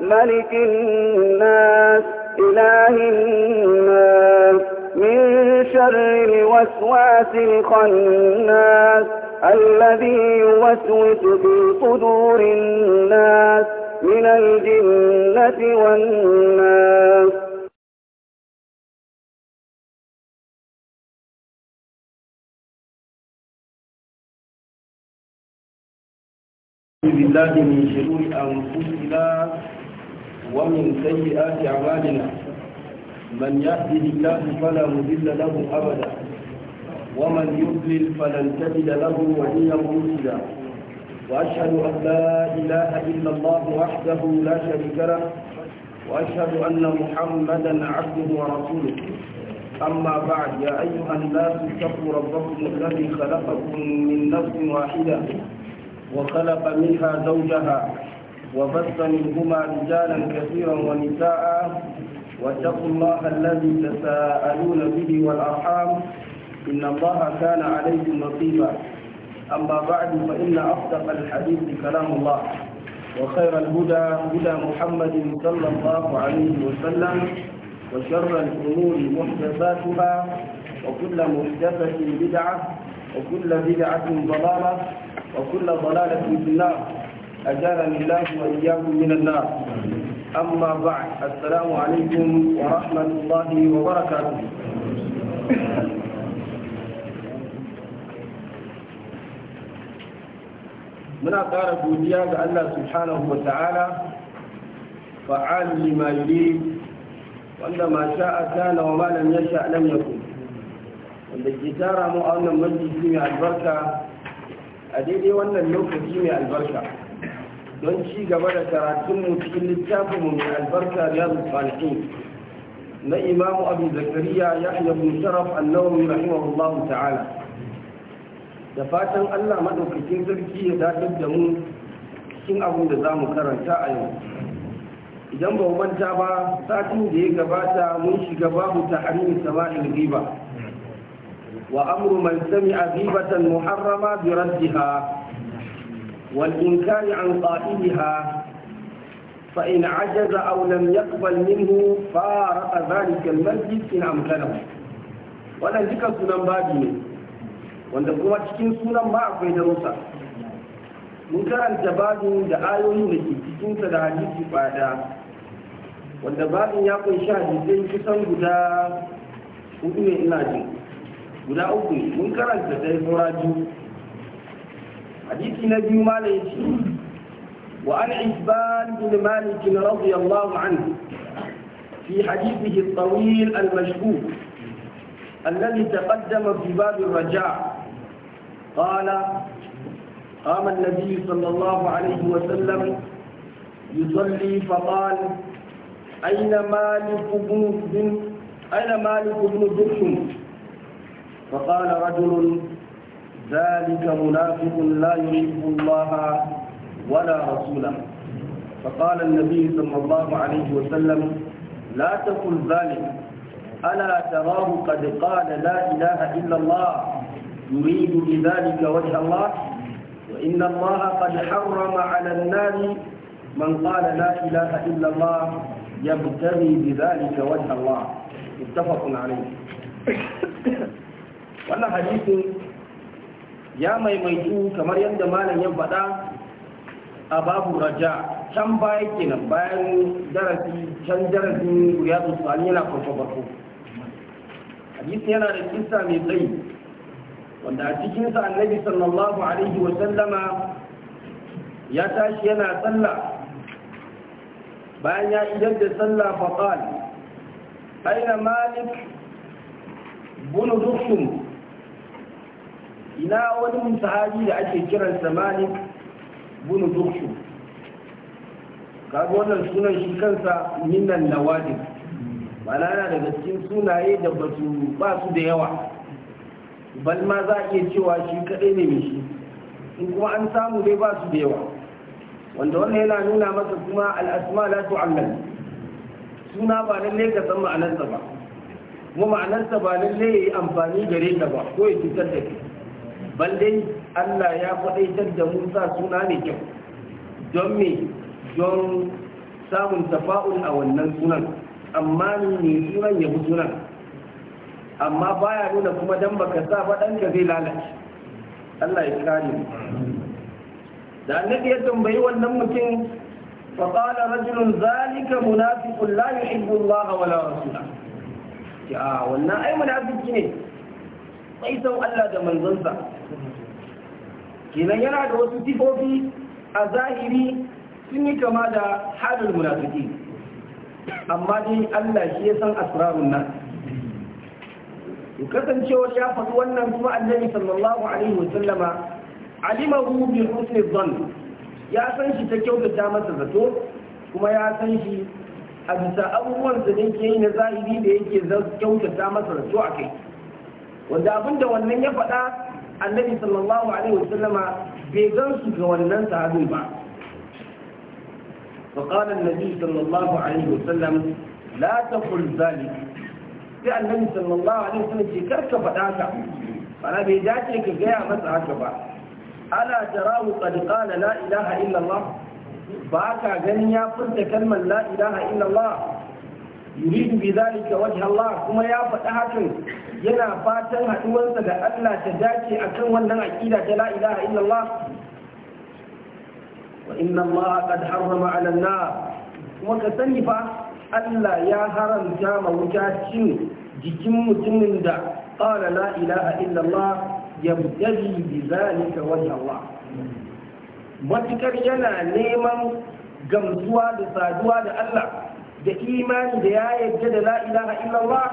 ملك الناس إله الناس من شر الوسواس الخناس الذي يوسوس في صدور الناس من الجنة والناس الله من شرور أنفسنا ومن سيئات أعمالنا من يهده الله فلا مضل له أبدا ومن يضلل فلن تجد له وليا مرشدا وأشهد أن لا إله إلا الله وحده لا شريك له وأشهد أن محمدا عبده ورسوله أما بعد يا أيها الناس اتقوا ربكم الذي خلقكم من نفس واحدة وخلق منها زوجها وبث منهما رجالا كثيرا ونساء واتقوا الله الذي تساءلون به والأرحام إن الله كان عليكم رقيبا أما بعد فإن أصدق الحديث كلام الله وخير الهدى هدى محمد صلى الله عليه وسلم وشر الأمور محدثاتها وكل محدثة بدعة وكل بدعة ضلالة وكل ضلالة في النار أجارني الله وإياكم من النار أما بعد السلام عليكم ورحمة الله وبركاته من أقارب بوديا قال سبحانه وتعالى فعال لما يريد وأن ما شاء كان وما لم يشاء لم يكن وأن الجسارة مؤمن مجلس من البركة أديدي وأن اللوك في البركة, البركة. don ci gaba da karatunmu cikin littafinmu mai albarka riyadu salihin na imamu abu zakariya yahya bin sharaf annawawi rahimahullah ta'ala da fatan allah maɗaukakin sarki ya dadar da mu cikin abin da za mu karanta a yau idan ba manta ba satin da ya gabata mun shiga babu ta hannun sama'in riba wa amru man sami'a ribatan muharrama bi raddiha والإنكار عن قائلها فإن عجز أو لم يقبل منه فارق ذلك المسجد إن أمكنه wannan duka sunan babi ne wanda kuma cikin sunan ma akwai darussa mun karanta babin da ayoyin da ke cikinsa da hadisi fada wanda babin ya kunshi hadisai kusan guda hudu ne ina jin guda uku mun karanta sai saura biyu حديث نبي مالك وعن عثمان بن مالك رضي الله عنه في حديثه الطويل المشهور الذي تقدم في باب الرجاء قال قام النبي صلى الله عليه وسلم يصلي فقال أين مالك بن أين مالك بن درهم فقال رجل ذلك منافق لا يحب الله ولا رسوله فقال النبي صلى الله عليه وسلم لا تقل ذلك ألا تراه قد قال لا إله إلا الله يريد بذلك وجه الله وإن الله قد حرم على النار من قال لا إله إلا الله يبتغي بذلك وجه الله متفق عليه وأنا حديث ya maimaitu kamar yadda malam ya faɗa a babu raja can baya kenan bayan darasi can darasin ya sani yana kwanfa farko hadisi yana da kisa mai tsayi wanda a cikinsa annabi sallallahu alaihi wa sallama ya tashi yana sallah bayan ya idar da sallah faƙal aina malik bunu ina wani sahabi da ake kiransa malik bin dukshu kaga wannan sunan shi kansa minan nawadin ma'ana yana daga cikin sunaye da ba su ba su da yawa bal ma za a iya cewa shi kadai ne shi in kuma an samu dai ba su da yawa wanda wannan yana nuna masa kuma al'asma la tu'allal suna ba lalle ka san ma'anarsa ba kuma ma'anarsa ba lalle ya yi amfani gare ka ba ko ya fitar da kai balle Allah ya faɗaitar da Musa sa suna mai kyau don me don samun tafa'ul a wannan sunan amma ne sunan ya fi sunan amma baya nuna kuma dan baka sa faɗan ka zai lalace Allah ya kare mu da annabi ya tambayi wannan mutum فقال رجل ذلك منافق لا يحب الله ولا رسوله ya wannan ai munafiki ne mai Allah da manzansa kenan yana da wasu sifofi a zahiri sun yi kama da halin munafiki amma dai Allah shi ya san asrarun nan kasancewar ya faɗi wannan kuma annabi sallallahu alaihi wasallama alimahu bi husni dhann ya san shi ta kyautata masa zato kuma ya san shi a bisa abubuwan da yake yi na zahiri da yake kyautata masa zato a kai wanda abinda wannan ya faɗa annabi sallallahu alaihi wasallama bai gan su ga wannan sahabi ba فقال النبي صلى الله عليه وسلم لا تقل ذلك sai annabi sallallahu alaihi wasallam ce kar ka faɗa ka bana bai dace ka gaya masa haka ba ala tarahu qad qala la ilaha illa allah ba ka ganin ya furta kalmar la ilaha illa allah yuridu bi zalika wajha Allah kuma ya faɗi hakan yana fatan haɗuwarsa da Allah ta dace akan wannan aqida ta la ilaha illallah wa inna Allah qad harrama 'ala an-nar kuma ka sani fa Allah ya haramta ma wuta jikin mutumin da qala la ilaha illallah yabtaghi bi zalika wajha Allah matukar yana neman gamsuwa da saduwa da Allah da imani da ya yarda da la'ilaha ilaha illallah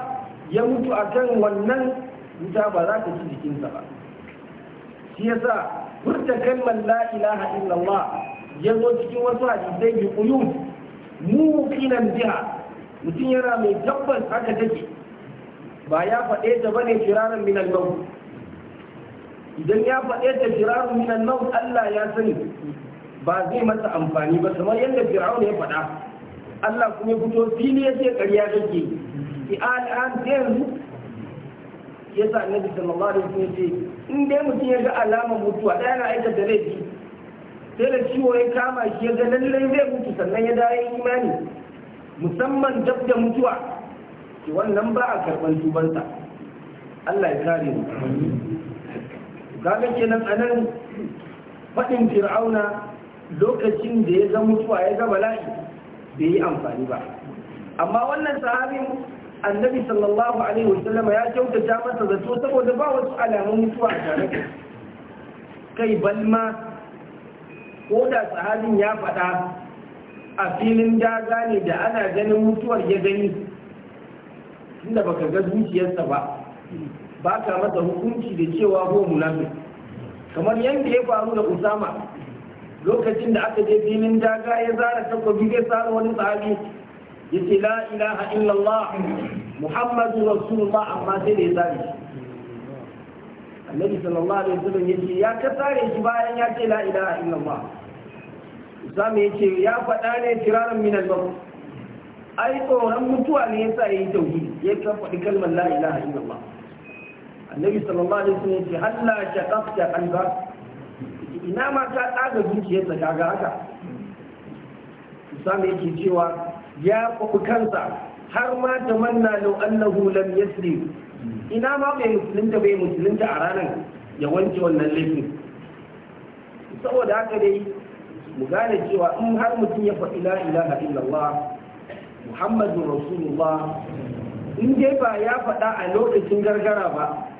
ya mutu akan wannan wuta ba za ta ci jikinsa ba shi sa furta kalmar la ilaha illallah ya zo cikin wasu hadisai bi mu muqinan jiha mutum yana mai tabbas haka take ba ya faɗe ta bane firaran minan nau idan ya faɗe ta firarin minan nau Allah ya sani ba zai masa amfani ba kamar yadda fir'aun ya faɗa Allah kuma ya fito fili ya ce ƙarya kake ki al'an yanzu ya sa annabi sallallahu alaihi wasallam ce in dai mutum ya ga alamar mutuwa ɗaya na da laifi sai da ciwo ya kama shi ya ga lallai zai mutu sannan ya dawo imani musamman dab da mutuwa ki wannan ba a karɓar tubansa Allah ya kare mu kaga kenan anan faɗin fir'auna lokacin da ya ga mutuwa ya ga bala'i bai yi amfani ba amma wannan sahabin annabi sallallahu alaihi wasallam ya kyautata masa zato saboda ba wasu alamun mutuwa a tare kai balma ko da sahabin ya faɗa a filin daga ne da ana ganin mutuwar ya gani tunda baka ga zuciyarsa ba ba ka masa hukunci da cewa ko munafik kamar yadda ya faru da usama lokacin da aka je filin daga ya zara takobi zai tsara wani sahabi ya ce la ilaha illallah muhammadu rasulullah amma sai da ya zare shi annabi sallallahu alaihi wasallam ya ce ya ka tsare shi bayan ya ce la ilaha illallah usama ya ce ya faɗa ne kiraran min al ai tsoron mutuwa ne yasa yayi tauhid ya ka faɗi kalmar la ilaha illallah annabi sallallahu alaihi wasallam ya ce halla shaqaqta qalbaka ina ma ta tsaga zuciyarsa ga haka Usama yake cewa ya kwafi kansa har ma ta manna lau annahu lam ina ma bai musulunta bai musulunta a ranar ya wanke wannan laifin saboda haka dai mu gane cewa in har mutum ya faɗi la ilaha illallah muhammadu rasulullah in dai ba ya faɗa a lokacin gargara ba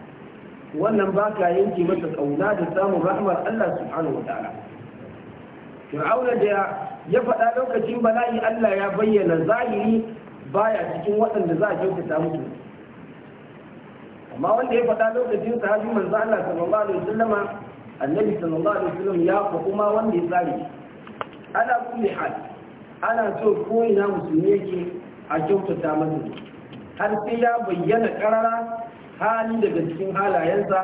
wannan ba ka yanke masa kauna da samun rahmar Allah subhanahu wa ta'ala fir'auna da ya faɗa lokacin bala'i Allah ya bayyana zahiri baya cikin waɗanda za a kyautata musu amma wanda ya faɗa lokacin sahabi manzo Allah sallallahu alaihi wasallam annabi sallallahu alaihi wasallam ya fa kuma wanda ya tsare ana kulli hal ana so ko ina musulmi yake a kyautata masa har sai ya bayyana karara hali daga cikin halayensa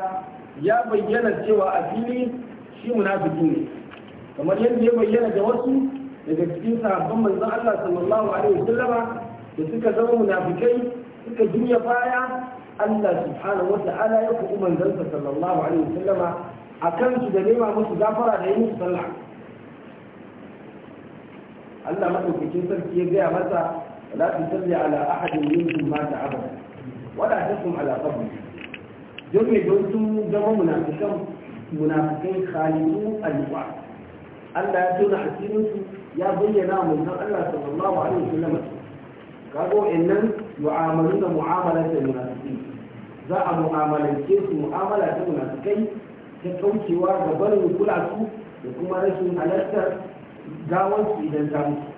ya bayyana cewa a fili shi munafiki ne kamar yadda ya bayyana da wasu daga cikin sahabban manzon Allah sallallahu alaihi wasallama da suka zama munafikai suka juya baya Allah subhanahu wa ta'ala ya kuɓi manzansa sallallahu alaihi wasallama a kansu da nema musu gafara da yi musu sallah Allah maɗaukacin sarki ya gaya masa la tusalli ala ahadin minkum mata abada wada takum ala qabri don me don su zama munafikan khalidu al Allah ya tuna asirin su ya bayyana mun nan Allah sallallahu alaihi wasallam kago innan mu'amalar da munafiqin za a mu'amalance su mu'amala ta munafikai ta kaucewa ga barin kula su da kuma rashin halartar su idan ta mutu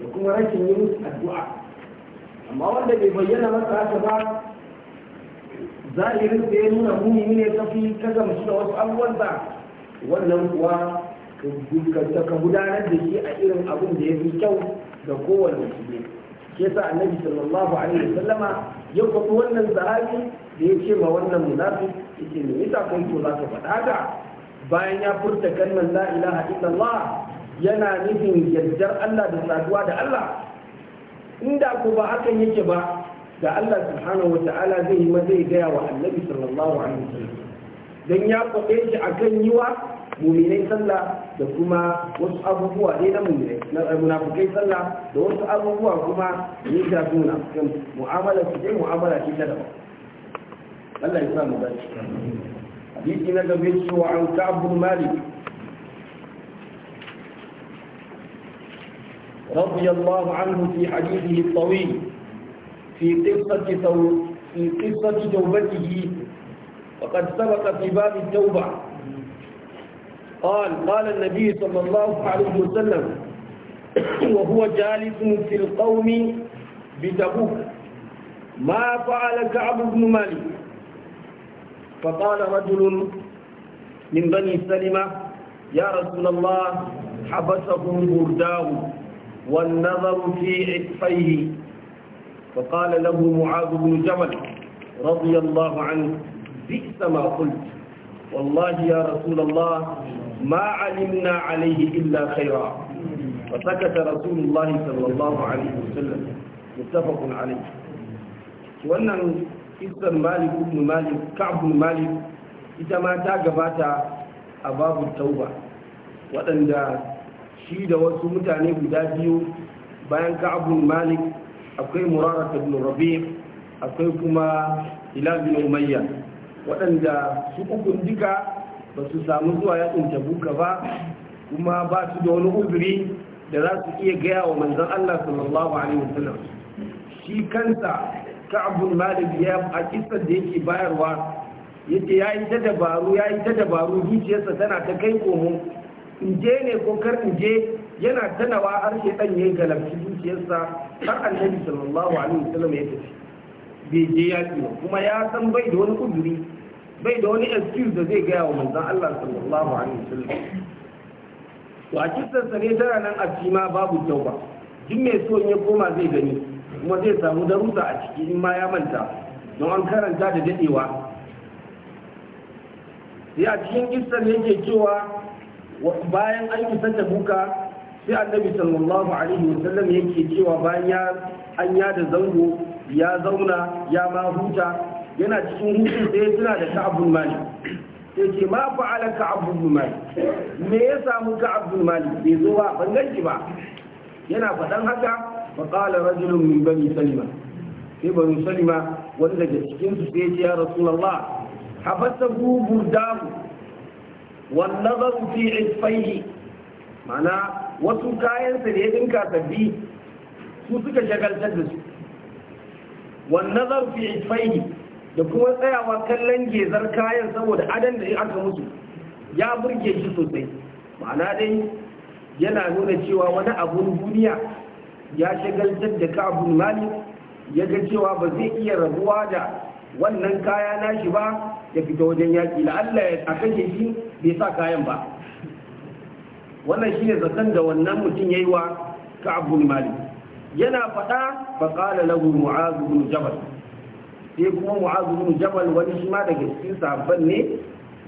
da kuma rashin yin addu'a amma wanda bai bayyana masa haka ba zahirin da ya nuna muni ne ta fi ka gamsu da wasu abubuwan ba wannan kuwa ka gudanar da shi a irin abin da ya fi kyau ga kowane shi ke sa annabi sallallahu alaihi wasallama ya kwafi wannan sahabi da ya ce ma wannan munafi yake me yasa kai to za ka faɗa ka bayan ya furta kalmar la ilaha illallah yana nufin yardar Allah da saduwa da Allah inda ku ba hakan yake ba da Allah subhanahu wata'ala zai ma zai gaya wa annabi sallallahu alaihi wasallam dan ya kwaɗe shi akan yiwa muminai sallah da kuma wasu abubuwa ne na muminai na munafukai sallah da wasu abubuwa kuma ne ta tuna kan mu'amala su dai mu'amala ce ta daban Allah ya sa mu dace hadisi na gabe cewa an ka'ab bin malik رضي الله عنه في حديثه الطويل في قصة في قصة توبته وقد سبق في باب التوبة قال قال النبي صلى الله عليه وسلم وهو جالس في القوم بتبوك ما فعل كعب بن مالك فقال رجل من بني سلمة يا رسول الله حبسهم برداه والنظر في عطفيه فقال له معاذ بن جبل رضي الله عنه بئس ما قلت والله يا رسول الله ما علمنا عليه إلا خيرا فسكت رسول الله صلى الله عليه وسلم متفق عليه wannan اذا مالك بن مالك كعب بن مالك اذا ما ta اباب التوبه babu shi da wasu mutane guda biyu bayan ka'abun malik akwai murara bin rabi akwai kuma ilabin umayya waɗanda su ukun duka ba su samu zuwa yakin tabuka ba kuma ba su da wani uzuri da za su iya gaya wa manzan Allah sallallahu alaihi wasallam shi kansa ka'abun malik ya a kisar da yake bayarwa yace yayi ta dabaru yayi ta dabaru zuciyarsa tana ta kai komo in je ne ko kar in je yana tanawa har shaitan dan yi galabci zuciyarsa har annabi sallallahu alaihi wasallam ya tafi bai je ya ba kuma ya san bai da wani kuduri bai da wani excuse da zai gaya wa manzon Allah sallallahu alaihi wasallam wa a kisan sa ne tara nan a cima babu tauba duk mai so ya koma zai gani kuma zai samu darusa a ciki in ma ya manta don an karanta da dadewa sai a cikin kisan yake cewa bayan an isa tabuka sai annabi sallallahu alaihi wasallam yake cewa bayan ya an ya da zango ya zauna ya ma huta yana cikin hutun sai ya tuna da ka'abul malik sai ce ma fa'ala ka'abul malik me ya samu ka'abul malik bai zo ba ban ki ba yana faɗan haka fa qala rajulun min bani salima sai bani salima wanda daga cikin su sai ya ce ya rasulullah habasa damu. والنظر fi isfaihi ma'ana wasu kayansa da ya dinka sabbi su suka shagaltar da su wannan fi isfaihi da kuma tsayawa kallon gezar kayan saboda adan da aka musu ya burge shi sosai ma'ana dai yana nuna cewa wani abun duniya ya shagaltar da abun mali ya ga cewa ba zai iya rabuwa da wannan kaya na shi ba ya fita wajen yaƙi la'alla ya kashe shi bai sa kayan ba wannan shine zaton da wannan mutum yayi wa ka'ab bin malik yana faɗa fa qala lahu mu'az jabal sai kuma mu'az bin jabal wani shi ma daga cikin sahabban ne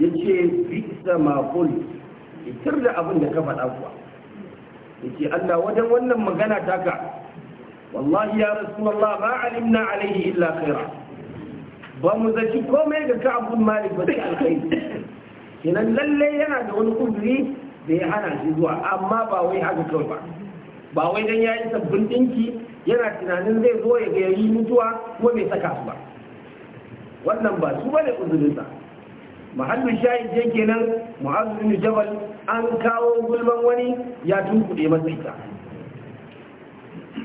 yace bi'sa ma qul itir da abin da ka faɗa kuwa yace Allah wajen wannan magana taka wallahi ya rasulullah ma alimna alaihi illa khaira ba mu zaci komai ga ka'ab bin malik ba sai alkhairi kenan lalle yana da wani kuduri da ya hana shi zuwa amma ba wai haka kawai ba ba wai dan yayi sabbin dinki yana tunanin zai zo ya ga yayi mutuwa kuma bai saka su ba wannan ba su bane uzurinsa mahallin Shayi je kenan mu'azzu bin jabal an kawo gulman wani ya tunkuɗe masa ita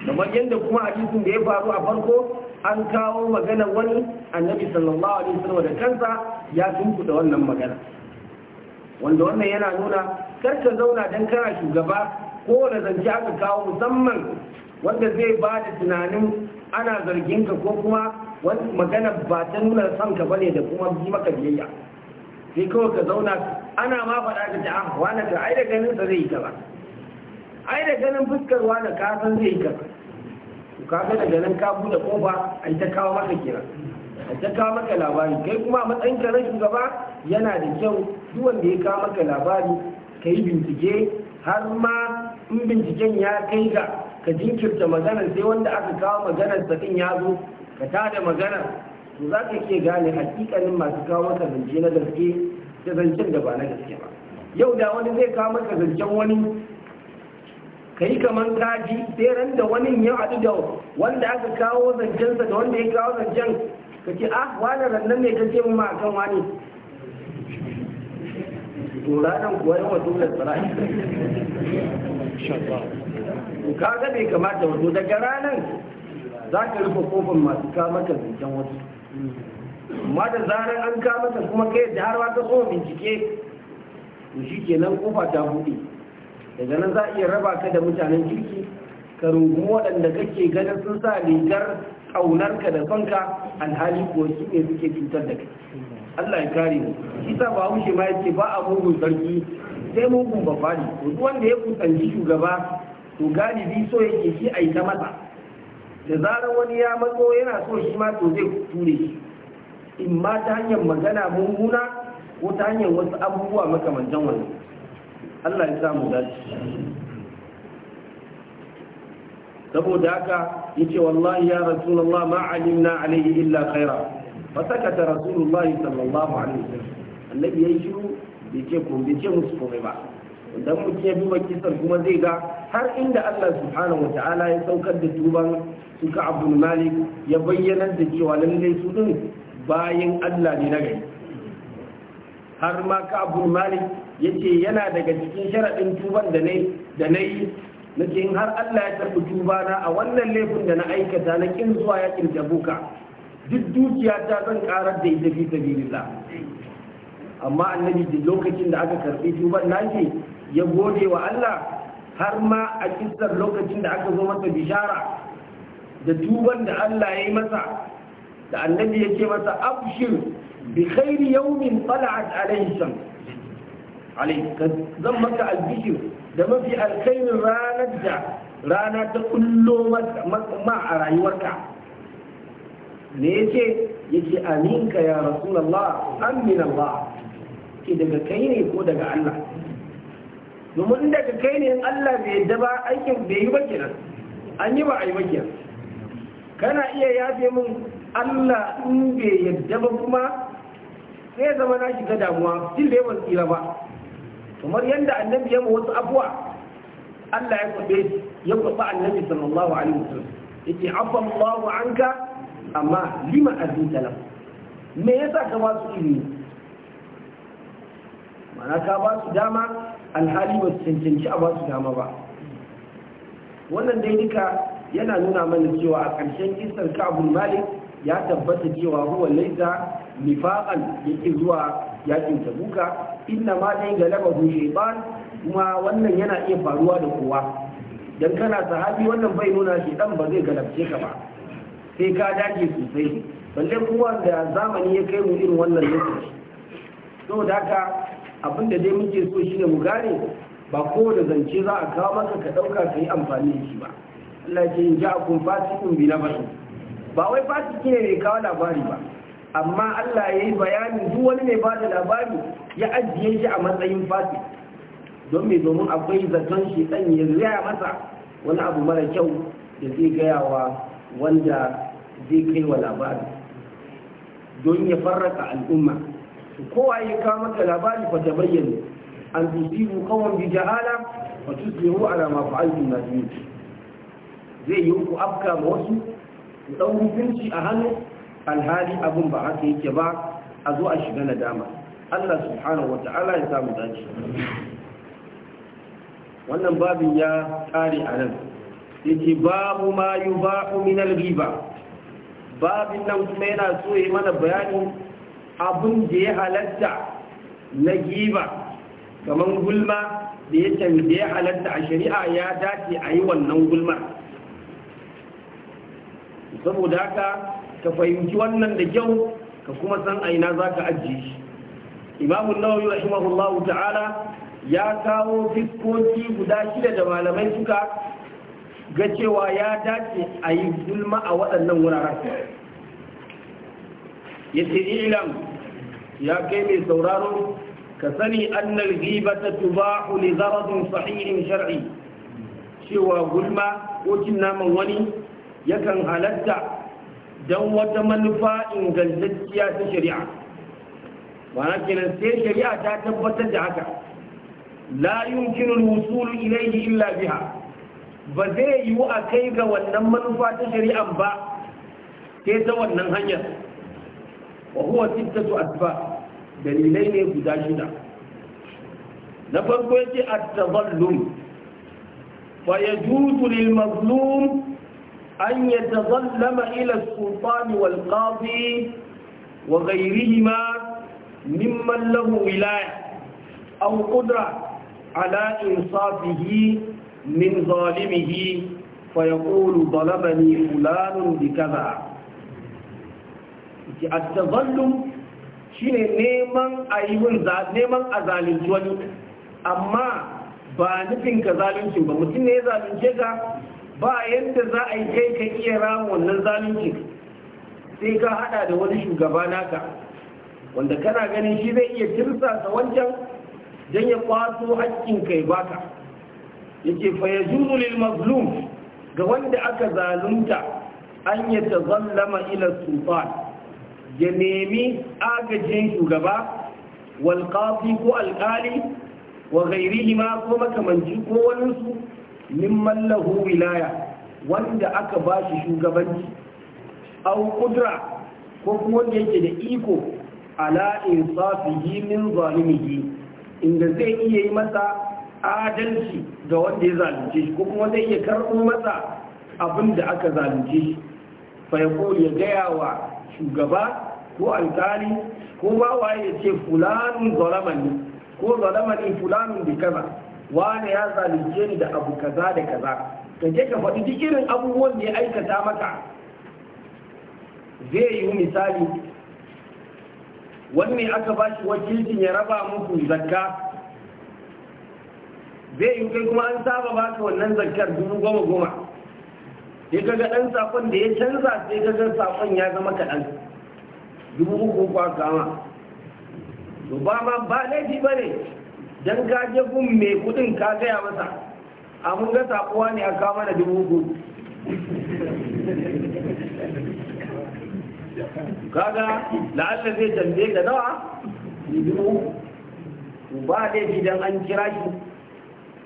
kamar yadda kuma hadisin da ya faru a farko an kawo magana wani annabi sallallahu alaihi wasallam da kansa ya da wannan magana wanda wannan yana nuna karka zauna dan kana shugaba ko da zance aka kawo musamman wanda zai ba da tunanin ana zargin ka ko kuma wani magana ba ta nuna son ka bane da kuma bi maka biyayya sai kawai ka zauna ana ma faɗa ka ta ah wani ka ai da ganin sa zai yi kaza ai da ganin fuskar wani ka san zai yi kaza ka ga daga nan ka bude kofa a ta kawo maka kira a ta kawo maka labari kai kuma a matsayin ka na shugaba yana da kyau duk wanda ya kawo maka labari ka yi bincike har ma in binciken ya kai ga ka jinkirta magana. sai wanda aka kawo maganar sa din ya zo ka tada magana to za ka ke gane hakikanin masu kawo maka zance na gaske da zancen da ba na gaske ba yau da wani zai kawo maka zancen wani ka yi kamar kaji tseren da wani ya haɗu da wanda aka kawo zancensa da wanda ya kawo zancen ka ce ah wani rannan ne ka mu ma kan wani turanen nan kuwa yawan dole tsara ka ga bai kamata wato daga ranar za ka rufe kofin masu kamata zancen wasu amma da zarar an kamata kuma kai da har wata tsohon bincike to shi kenan kofa ta buɗe daga nan za a iya raba ka da mutanen kirki ka rungu waɗanda kake ganin sun sa rigar ka da fanka alhali kuwa shi ne suke cutar da kai Allah ya kare mu shi sa ba haushe ma yake ba a mugun sarki sai mugun babba ne to duk wanda ya kusanci shugaba to galibi so yake shi a yi ta masa da zarar wani ya matso yana so shi ma to zai ture shi in ma ta hanyar magana mummuna ko ta hanyar wasu abubuwa makamantan wannan Allah ya samu dace saboda haka yace wallahi ya rasulullah ma alimna alayhi illa khaira fa sakata rasulullah sallallahu alaihi wasallam annabi yayi shiru bai ce ko bai ce musu komai ba dan mu ke duba sar kuma zai ga har inda Allah subhanahu ta'ala ya saukar da tuban suka Abdul Malik ya bayyana da cewa lallai su din bayan Allah ne na gari har ma ka abu malik yace yana daga cikin sharaɗin tuban da da na yi na har allah ya karɓi tuba na a wannan laifin da na aikata na kin zuwa ya kirta buka duk dukiya ta zan karar da ita fi sabilillah amma annabi duk lokacin da aka karbi tuban nake ya gode wa allah har ma a kissar lokacin da aka zo masa bishara da tuban da allah ya yi masa da annabi ya ce masa abshir bi khairi yawmin tala'at zan maka albishir da mafi alkhairin rana ta kullo ma a rayuwarka me yace yace aminka ya rasulullah an min Allah ki daga kai ne ko daga Allah kai ne Allah bai aikin bai yi ba an yi ba a yi ba kana iya yafe min Allah in bai yadda ba kuma sai zama na shiga damuwa da ya ban tsira ba kamar yadda annabi ya wasu abuwa Allah ya kwabe ya kwabe annabi sallallahu alaihi wasallam yake afa Allahu anka amma lima azinta lahu me yasa ka ba su ilimi mana ka ba su dama alhali ba su cancanci a ba su dama ba wannan dai nika yana nuna mana cewa a ƙarshen kisar abu malik ya tabbata cewa huwa laisa nifaqan yake zuwa yakin tabuka inna ma dai galaba hu shaytan kuma wannan yana iya faruwa da kowa dan kana sahabi wannan bai nuna shi? dan ba zai galabce ka ba sai ka dage sosai balle kowa da zamani ya kai mu irin wannan lokaci Da haka abin da dai muke so shine mu gane ba ko da zance za a kawo maka ka ɗauka ka yi amfani da shi ba Allah ce in ja akun fasikun bi na ba wai fasiki ne ne kawo labari ba amma Allah ya yi bayanin duk wani mai ba da labari ya ajiye shi a matsayin fasi don mai domin akwai zaton shi ɗan ya zaya masa wani abu mara kyau da zai gaya wanda zai kai wa labari don ya farraka al'umma kowa ya kawo maka labari fa ta bayyana an tusibu kawon bi jahala fa tusbihu ala ma fa'altum na zai yi ku afka ma wasu ku ɗau hukunci a hannu alhali abin ba haka yake ba a zo a shiga nadama Allah subhanahu wa ta'ala ya samu dace wannan babin ya kare a nan yace babu ma yuba'u min riba babin nan kuma yana so yi mana bayanin abin da ya halatta na giba kamar gulma da ya da ya halatta a shari'a ya dace a yi wannan gulma saboda haka ka fahimci wannan da kyau ka kuma san aina za ka ajiye shi imamu nawawi rahimahullahu ta'ala ya kawo fiskoki guda shida da malamai suka ga cewa ya dace a yi gulma a waɗannan wuraren ya ce ilam ya kai mai sauraro ka sani annal ghibata tubahu li zaradin sahihin shar'i cewa gulma ko cin naman wani yakan halatta don wata manufa ingantacciya ta shari'a ma'ana kenan sai shari'a ta tabbatar da haka la yumkinu al-wusul ilayhi illa biha ba zai yiwu a kai ga wannan manufa ta shari'a ba sai ta wannan hanyar wa huwa sittatu asba dalilai ne guda shida na farko yake at-tadallum fa yajuzu lil mazlum an yă tazallama ila sultani wal ƙafi wa gairihi ma mimman lahu wilaya an ƙudura ala'in safihi min zalimihi fa ya ƙulu balabani ulanun dikaza ki a tazallum shi ne neman a yi neman a zalinci amma ba nufin ka zalincin ba mutum ne ya zalince ka. ba yadda za a yi kai ka iya ramu wannan zalunci sai ka hada da wani shugaba naka wanda kana ganin shi zai iya tirsasa wancan don ya kwaso haƙƙin kai baka yake fa ya lil mazlum ga wanda aka zalunta an ya zallama ila sultan ya nemi agajin shugaba walƙafi ko alƙali wa ma ko makamanci ko waninsu mimman lahu wilaya wanda aka ba shi shugabanci au kudra ko kuma wanda yake da iko ala insafihi min zalimihi inda zai iya yi masa adalci ga wanda ya zalunce shi ko kuma zai iya karɓo masa abin da aka zalunce shi fa ya ya gaya wa shugaba ko alkali ko ba waye ya ce fulanin zalamani ko zalamani fulanin bi kaza wane ya zalunce ni da abu kaza da kaza ka je ka faɗi duk irin abubuwan da ya aikata maka zai yi misali wanne aka ba shi wakilcin ya raba muku zakka zai yi kai kuma an saba baka wannan zakkar dubu goma goma sai ka ga ɗan sakon da ya canza sai ka ga sakon ya zama kaɗan dubu uku kwa kama ba ma ba laifi ba ne dan ka je gun mai kudin ka gaya masa a mun ga sakuwa ne a kama da dubu hudu kaga la'alla zai tambaye ka nawa dubu ba laifi dan an kira shi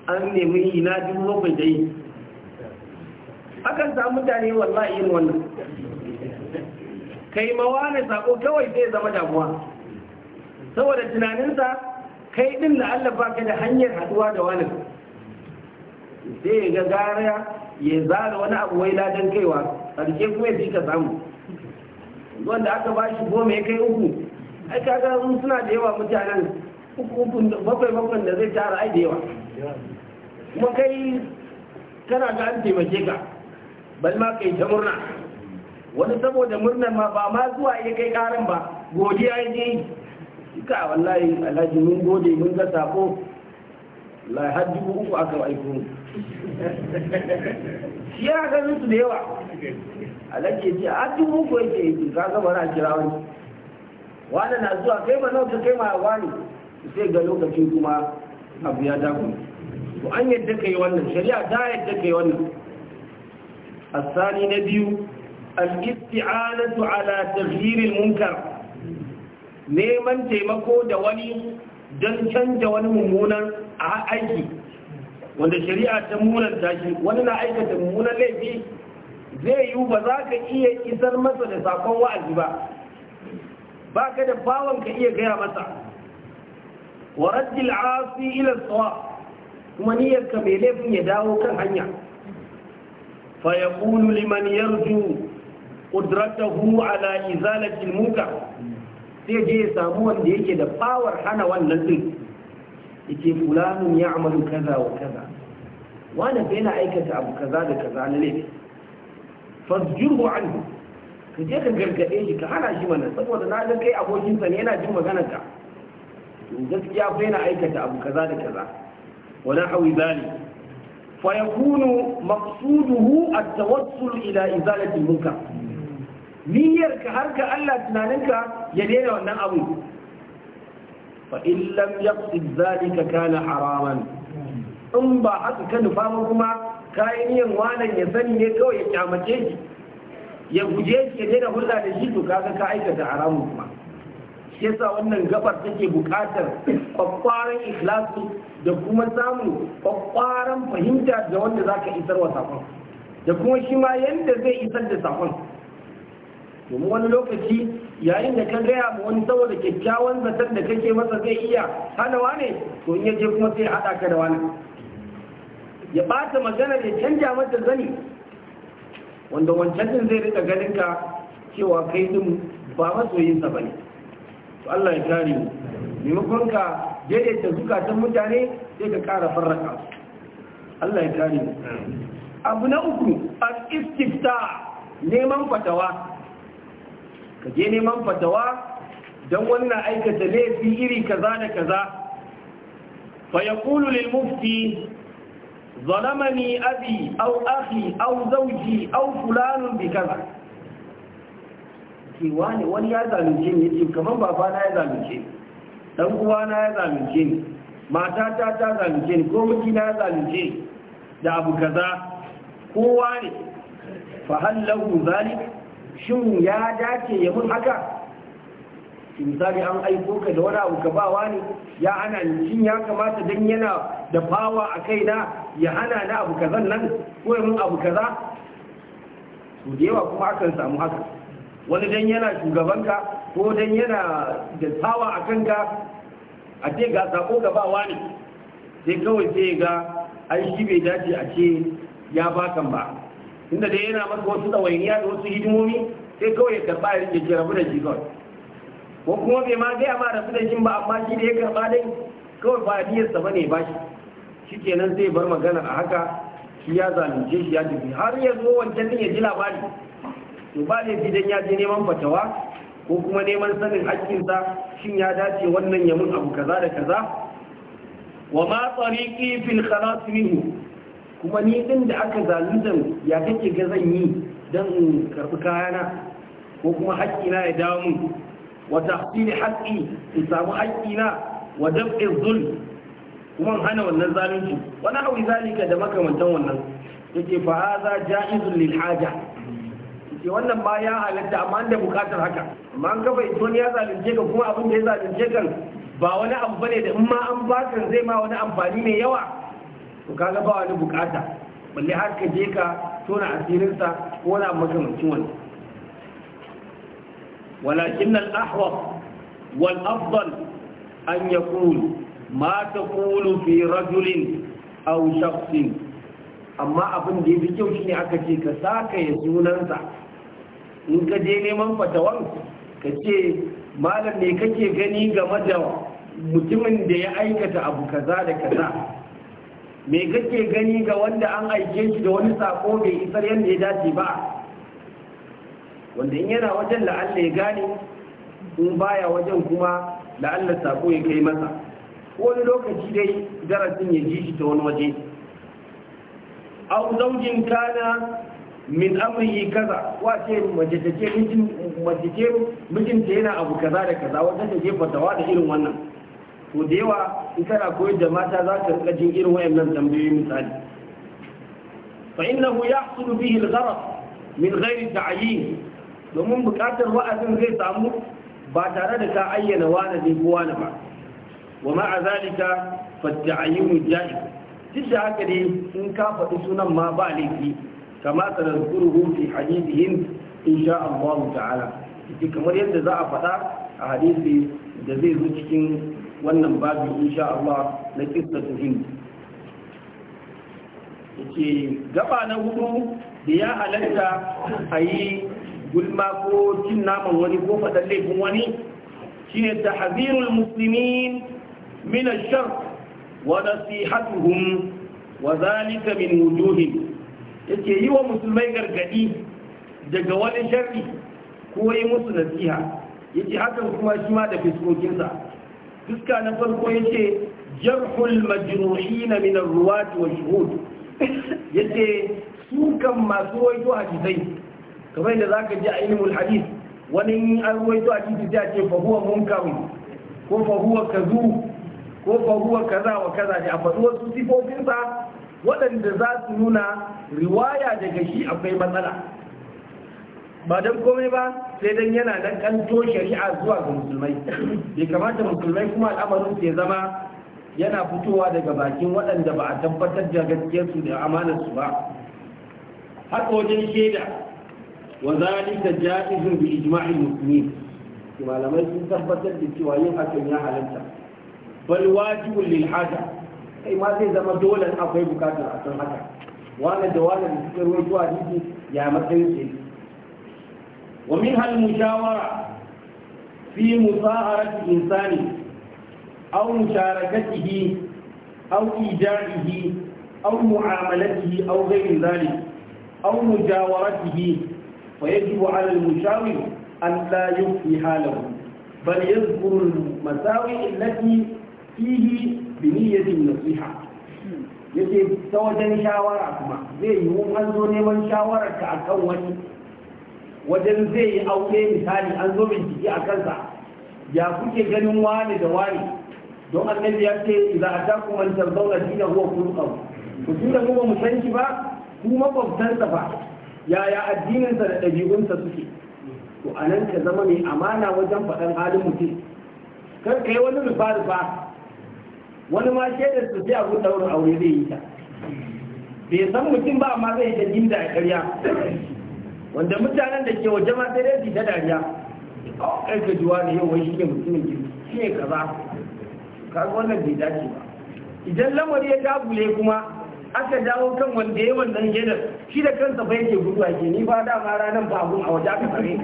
an nemi ina dubu bakwai dai yi akan samu mutane wallahi yin wannan kai mawa na sako kawai zai zama damuwa saboda tunaninsa kai din Allah ba ka da hanyar haduwa da wani sai ya ga gara ya zara wani abu wai ladan kaiwa ƙarshe kuma ya ka samu wanda aka ba shi goma ya kai uku ai ga sun suna da yawa mutanen uku bakwai bakwai da zai tara ai da yawa kuma kai kana ga an taimake ka bal ma kai ta murna wani saboda murnar ma ba ma zuwa ya kai karin ba godiya ya je ka wallahi alhaji mun gode mun ga sako la har dubu uku aka aiko shi ya ganin su da yawa alhaji ya ce a dubu uku yake yi ka zama na kira wani wani na zuwa kai ma nauka kai ma wani sai ga lokacin kuma abu ya dagu to an yadda ka yi wannan shari'a ta yadda ka yi wannan asali na biyu al-isti'anatu ala taghyir munkar neman taimako da wani don canja wani mummunan a aiki wanda shari'a ta munan tashi wani na aikata mummunan laifi zai yiwu ba za ka iya isar masa da sakon wa'azi ba ba ka da bawon ka iya gaya masa wa rajil asi ila tsawa kuma niyyar ka mai laifin ya dawo kan hanya fa Kulu liman yarju qudratahu ala izalati al-munkar sai je ya samu wanda yake da power hana wannan din yake fulanun ya amalu kaza wa kaza wani bai na aikata abu kaza da kaza na laifi fasjurhu anhu ka je ka gargaɗe shi ka hana shi mana saboda na ga kai abokinsa ne yana jin magana ka gaskiya bai na aikata abu kaza da kaza wala hawi bali fa yakunu maqsuduhu at-tawassul ila izalati munkar niyyar ka har ka Allah tunaninka ya daina wannan abu fa in lam yaqsid zalika kana haraman in ba haka ka nufa ba kuma kayan yin wannan ya sani ne kawai ya kyamace shi ya guje shi ya daina hulɗa da shi to kaga ka aikata haramun kuma yasa wannan gabar take buƙatar kwakwaran ikhlasi da kuma samun kwakwaran fahimta da wanda zaka isar wa sakon da kuma shi ma yanda zai isar da sakon domin wani lokaci yayin da ka gaya ma wani saboda kyakkyawan zaton da kake masa zai iya hana wane to in yaje kuma sai haɗa ka da wani ya ɓata magana ya canja mata zani wanda wancan din zai rika ganin ka cewa kai din ba masoyinsa ba ne to Allah ya kare mu maimakon ka daidaita zukatan mutane sai ka ƙara farraka Allah ya kare mu abu na uku al-istifta neman fatawa ka je neman fatawa don wannan aikata laifi iri kaza da kaza fa ya lil lilmufti, zalamani abi au akhi au zawji au fulanun bi kaza ki wani wani ya zalunce ni yace kaman baba na ya zalunce ni dan uwa ya zalunce ni mata ta ta zalunce ni ko miki na ya zalunce da abu kaza kowa ne fa hal lahu zalik shin ya dace ya mun haka misali an aiko ka da wani abu ka ba ne ya hana ni shin ya kamata dan yana da fawa a kaina ya hana na abu kazan nan ko ya mun abu kaza to da yawa kuma akan samu haka wani dan yana shugabanka ko dan yana da fawa a kanka a ce ga sako ka ba ne sai kawai sai ga ai shi bai dace a ce ya bakan ba inda dai yana masa wasu ɗawainiya da wasu hidimomi sai kawai ya karɓa ya rike rabu da shi ko kuma bai ma gaya ma rabu da shi ba amma shi da ya karɓa dai kawai ba diyarsa ba ne ba shi shi kenan zai bar maganar a haka shi ya zalunce shi ya tafi har ya zo wancan din ya ji labari to ba ne bidan ya je neman fatawa ko kuma neman sanin hakkinsa shin ya dace wannan ya mun abu kaza da kaza wa ma tariqi fil khalas minhu kuma ni din da aka zaluntan ya kake ga zan yi dan in karbi kayana ko kuma haƙƙina ya dawo mu wa tahsili haƙƙi in samu haƙƙina wa daf'i zulm kuma hana wannan zalunci wani hawi zalika da makamantan wannan yake fa hadha jaizun lil haja yake wannan ba ya halatta amma da bukatar haka amma an kafa ito ya zalunce ka kuma abin da ya zalunce kan ba wani abu bane da in ma an baka zai ma wani amfani mai yawa to kaga ba wani bukata balle har ka je ka tona asirinsa ko na makamancin wani walakin al-ahwa wal afdal an yaqulu ma taqulu fi rajulin aw shakhsin amma abin da fi kyau shine aka ce ka saka ya sunansa in ka je neman fatawan ka ce malam ne kake gani game da mutumin da ya aikata abu kaza da kaza me kake gani ga wanda an aike shi da wani sako bai isar yadda ya dace ba wanda in yana wajen la'alla ya gane in baya wajen kuma la'alla sako ya kai masa wani lokaci dai darasin ya ji shi ta wani waje abu zaujin kana min amri kaza ce mace ce mijin mijinta yana abu kaza da kaza wata ce fatawa da irin wannan to da yawa in kana koyar da mata za ka rika jin irin wayannan tambayoyi misali fa innahu yahsulu bihi al min ghairi ta'yin domin bukatar wa'azin zai samu ba tare da ka ayyana wani ne ko wani ba wa ma'a zalika fa ta'yinu jaiz duk da haka dai in ka faɗi sunan ma ba laifi kama sanadkuruhu fi hadithihim insha Allah ta'ala kamar yadda za a faɗa a hadisi da zai zo cikin wannan babu insha Allah na kistatu hind yake gaba na hudu da ya halatta a yi gulma ko cin naman wani ko faɗar laifin wani shine tahzirul muslimin min ash-shar wa haɗu wa zalika min wujuhin yake yi wa musulmai gargadi daga wani sharri ko yi musu nasiha yake hakan kuma shi ma da fiskokinsa fuska na farko ya ce jarhul majruhina ruwa ar-ruwat wa shuhud yace sukan masu waito jizai kamar da ka ji a ilmul hadis wani an waito a jizai a ce fahuwa huwa munkar ko fahuwa kazu ko fahuwa kaza wa kaza da a faɗi wasu sifofinsa waɗanda za su nuna riwaya daga shi akwai matsala ba don komai ba sai don yana dan kanto shari'a zuwa ga musulmai bai kamata musulmai kuma al'amarin su ya zama yana fitowa daga bakin waɗanda ba a tabbatar da gaskiyarsu da amanarsu ba Har wajen shaida wa zalika jaizun bi ijma'il muslimin malamai sun tabbatar da cewa yin hakan ya halatta bal wajibul lil haja kai ma zai zama dole akwai bukatar a san haka wani da wani da suke ruwa zuwa ya matsayin ومنها المشاورة في مصاهرة الإنسان أو مشاركته أو إيجاده أو معاملته أو غير ذلك أو مجاورته ويجب على المشاور أن لا يخفي حاله بل يذكر المساوئ التي فيه بنية النصيحة يجب ta wajen shawara kuma zai yi من zo neman wajen zai yi aure misali an zo bincike a kansa ya kuke ganin wani da wani don annabi ya ce idza a man kuma tarzauna dina huwa kulqaw ku tunda mu ba mu san shi ba ku makwabtansa ba yaya addininsa da ɗabi'unsa suke to a nan ka zama mai amana wajen faɗan halin mutum kar ka yi wani rufa rufa wani ma shaidar su sai abu ɗaurin aure zai yi ta bai san mutum ba amma zai ta jinda a ƙarya wanda mutanen da ke wa jama'a da dai ta dariya kai ka juwa da yau wai shi ne mutumin kirki shi ne kaza ka wannan bai dace ba idan lamari ya dagule kuma aka dawo kan wanda ya wannan gidan shi da kansa bai ke gudu ke ni ba da ma ranar ba abun a waje aka tsare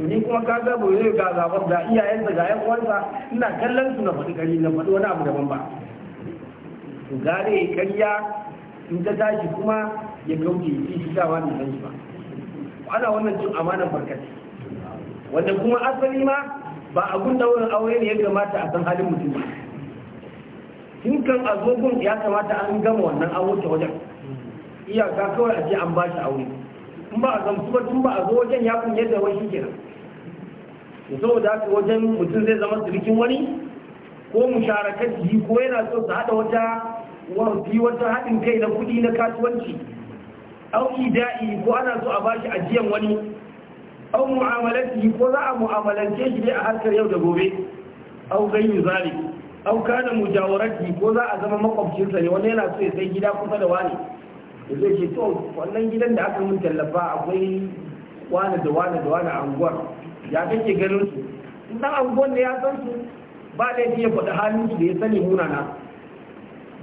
ni kuma ka ga bai ga zaɓar da iyayensa ga yan uwansa ina kallon su na faɗi kari na faɗi wani abu daban ba gare ƙarya in ka tashi kuma ya kauce shi shi dawa ne zan ba ana wannan cin amanar barkati wanda kuma asali ma ba a gunda wurin aure ne ya kamata a san halin mutum ba tun kan a zo gun ya kamata an gama wannan aure ta wajen iyaka kawai a ce an ba shi aure in ba a gamsu ba tun ba a zo wajen ya kun yadda wani kenan da saboda haka wajen mutum zai zama sirikin wani ko musharakar ko yana so su haɗa wata wa wata haɗin kai na kuɗi na kasuwanci au ida'i ko ana so a bashi ajiyan wani au mu'amalati ko za a mu'amalance shi dai a harkar yau da gobe au gayyu zalik au kana mujawarati ko za a zama makwabcinsa ne wani yana so ya sai gida kusa da wani ya zai ce to wannan gidan da aka mun tallafa akwai wani da wani da wani anguwar ya kake ganin su dan anguwar ne ya san su ba laifi ya faɗi halin su da ya sani munana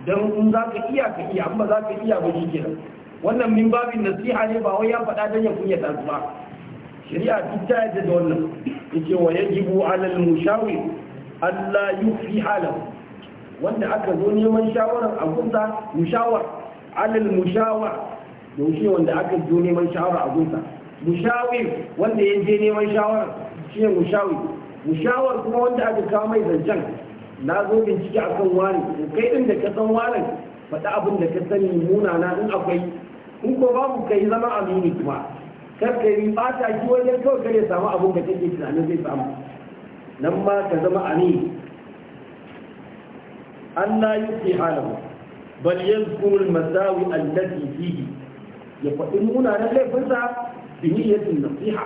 don za ka iya ka iya amma za ka iya ba shi kenan wannan min babin nasiha ne ba wai ya faɗa don ya kunya ta ba shari'a duk ta yadda da wannan Ya ce wa yajibu alal mushawir alla yufi halahu wanda aka zo neman shawarar abunsa mushawar alal mushawar yaushe wanda aka zo neman shawarar abunsa Mushawi wanda ya je neman shawarar shi ne mushawir mushawar kuma wanda aka kawo mai zancen na zo bincike a kan wani kai ɗin da ka san wani faɗi abin da ka sani munana in akwai in ko babu kai zama amini kuma kar ka yi ɓata shi wajen kawai kare samu abin da kake tunanin zai samu nan ma ka zama amini Allah yi fi halahu bal yazkuru masawi allati fihi ya faɗi munanan laifinsa bi niyyatin nasiha